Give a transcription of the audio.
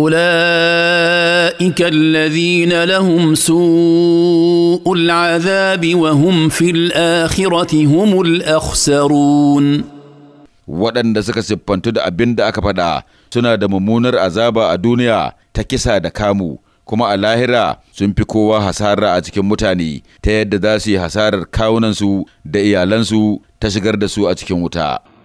اولئك الذين لهم سوء العذاب وهم في الاخره هم الاخسرون waɗanda suka siffantu da abin da aka faɗa suna da mummunar azaba a duniya ta kisa da kamu kuma a lahira sun fi kowa hasara a cikin mutane ta yadda za su yi hasarar kawunansu da iyalansu ta shigar da su a cikin wuta.